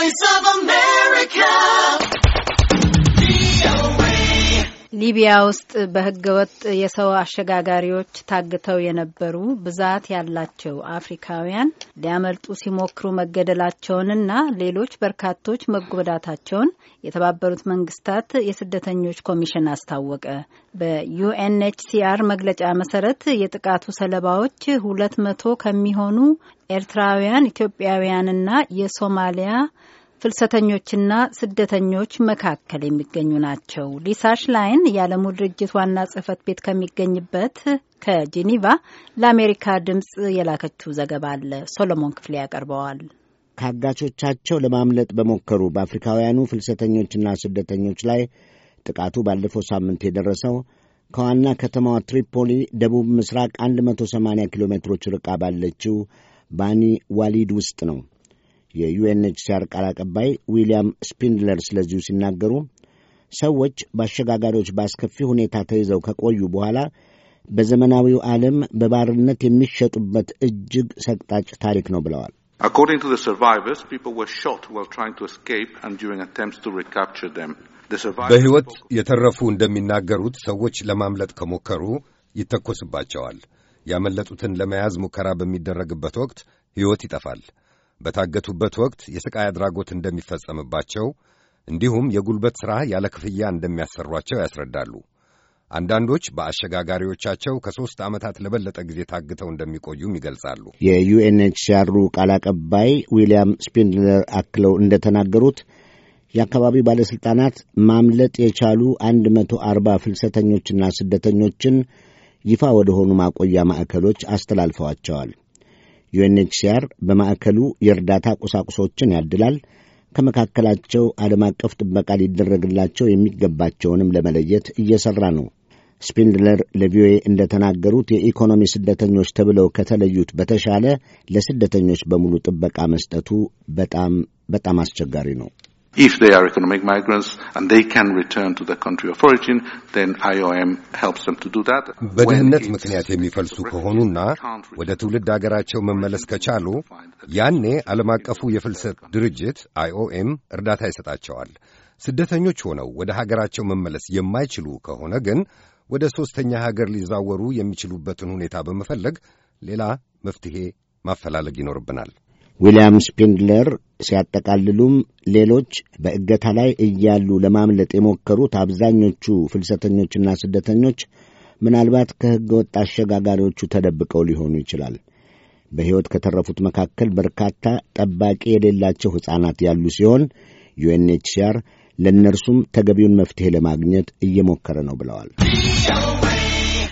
voice of ሊቢያ ውስጥ በህገወጥ ወጥ የሰው አሸጋጋሪዎች ታግተው የነበሩ ብዛት ያላቸው አፍሪካውያን ሊያመልጡ ሲሞክሩ መገደላቸውንና ሌሎች በርካቶች መጎዳታቸውን የተባበሩት መንግስታት የስደተኞች ኮሚሽን አስታወቀ። በዩኤንኤችሲአር መግለጫ መሰረት የጥቃቱ ሰለባዎች ሁለት መቶ ከሚሆኑ ኤርትራውያን፣ ኢትዮጵያውያንና የሶማሊያ ፍልሰተኞችና ስደተኞች መካከል የሚገኙ ናቸው። ሊሳ ሽላይን የዓለሙ ድርጅት ዋና ጽህፈት ቤት ከሚገኝበት ከጄኒቫ ለአሜሪካ ድምፅ የላከችው ዘገባ አለ። ሶሎሞን ክፍሌ ያቀርበዋል። ከአጋቾቻቸው ለማምለጥ በሞከሩ በአፍሪካውያኑ ፍልሰተኞችና ስደተኞች ላይ ጥቃቱ ባለፈው ሳምንት የደረሰው ከዋና ከተማዋ ትሪፖሊ ደቡብ ምስራቅ 180 ኪሎ ሜትሮች ርቃ ባለችው ባኒ ዋሊድ ውስጥ ነው። የዩኤንኤችሲአር ቃል አቀባይ ዊልያም ስፒንድለር ስለዚሁ ሲናገሩ ሰዎች በአሸጋጋሪዎች በአስከፊ ሁኔታ ተይዘው ከቆዩ በኋላ በዘመናዊው ዓለም በባርነት የሚሸጡበት እጅግ ሰቅጣጭ ታሪክ ነው ብለዋል። በሕይወት የተረፉ እንደሚናገሩት ሰዎች ለማምለጥ ከሞከሩ ይተኮስባቸዋል። ያመለጡትን ለመያዝ ሙከራ በሚደረግበት ወቅት ሕይወት ይጠፋል። በታገቱበት ወቅት የሥቃይ አድራጎት እንደሚፈጸምባቸው እንዲሁም የጉልበት ሥራ ያለ ክፍያ እንደሚያሰሯቸው ያስረዳሉ። አንዳንዶች በአሸጋጋሪዎቻቸው ከሦስት ዓመታት ለበለጠ ጊዜ ታግተው እንደሚቆዩም ይገልጻሉ። የዩኤንኤችሲአሩ ቃል አቀባይ ዊልያም ስፒንድለር አክለው እንደተናገሩት የአካባቢው ባለሥልጣናት ማምለጥ የቻሉ 140 ፍልሰተኞችና ስደተኞችን ይፋ ወደ ሆኑ ማቆያ ማዕከሎች አስተላልፈዋቸዋል። ዩኤንኤችሲአር በማዕከሉ የእርዳታ ቁሳቁሶችን ያድላል። ከመካከላቸው ዓለም አቀፍ ጥበቃ ሊደረግላቸው የሚገባቸውንም ለመለየት እየሠራ ነው። ስፒንድለር ለቪኦኤ እንደተናገሩት የኢኮኖሚ ስደተኞች ተብለው ከተለዩት በተሻለ ለስደተኞች በሙሉ ጥበቃ መስጠቱ በጣም በጣም አስቸጋሪ ነው። If they are economic migrants and they can return to the country of origin, then IOM helps them to do that. በድህነት ምክንያት የሚፈልሱ ከሆኑና ወደ ትውልድ አገራቸው መመለስ ከቻሉ ያኔ ዓለም አቀፉ የፍልሰት ድርጅት አይኦኤም እርዳታ ይሰጣቸዋል። ስደተኞች ሆነው ወደ ሀገራቸው መመለስ የማይችሉ ከሆነ ግን ወደ ሦስተኛ ሀገር ሊዛወሩ የሚችሉበትን ሁኔታ በመፈለግ ሌላ መፍትሔ ማፈላለግ ይኖርብናል። ዊልያም ስፒንድለር ሲያጠቃልሉም ሌሎች በእገታ ላይ እያሉ ለማምለጥ የሞከሩት አብዛኞቹ ፍልሰተኞችና ስደተኞች ምናልባት ከሕገ ወጥ አሸጋጋሪዎቹ ተደብቀው ሊሆኑ ይችላል። በሕይወት ከተረፉት መካከል በርካታ ጠባቂ የሌላቸው ሕፃናት ያሉ ሲሆን ዩኤንኤችሲአር ለእነርሱም ተገቢውን መፍትሔ ለማግኘት እየሞከረ ነው ብለዋል።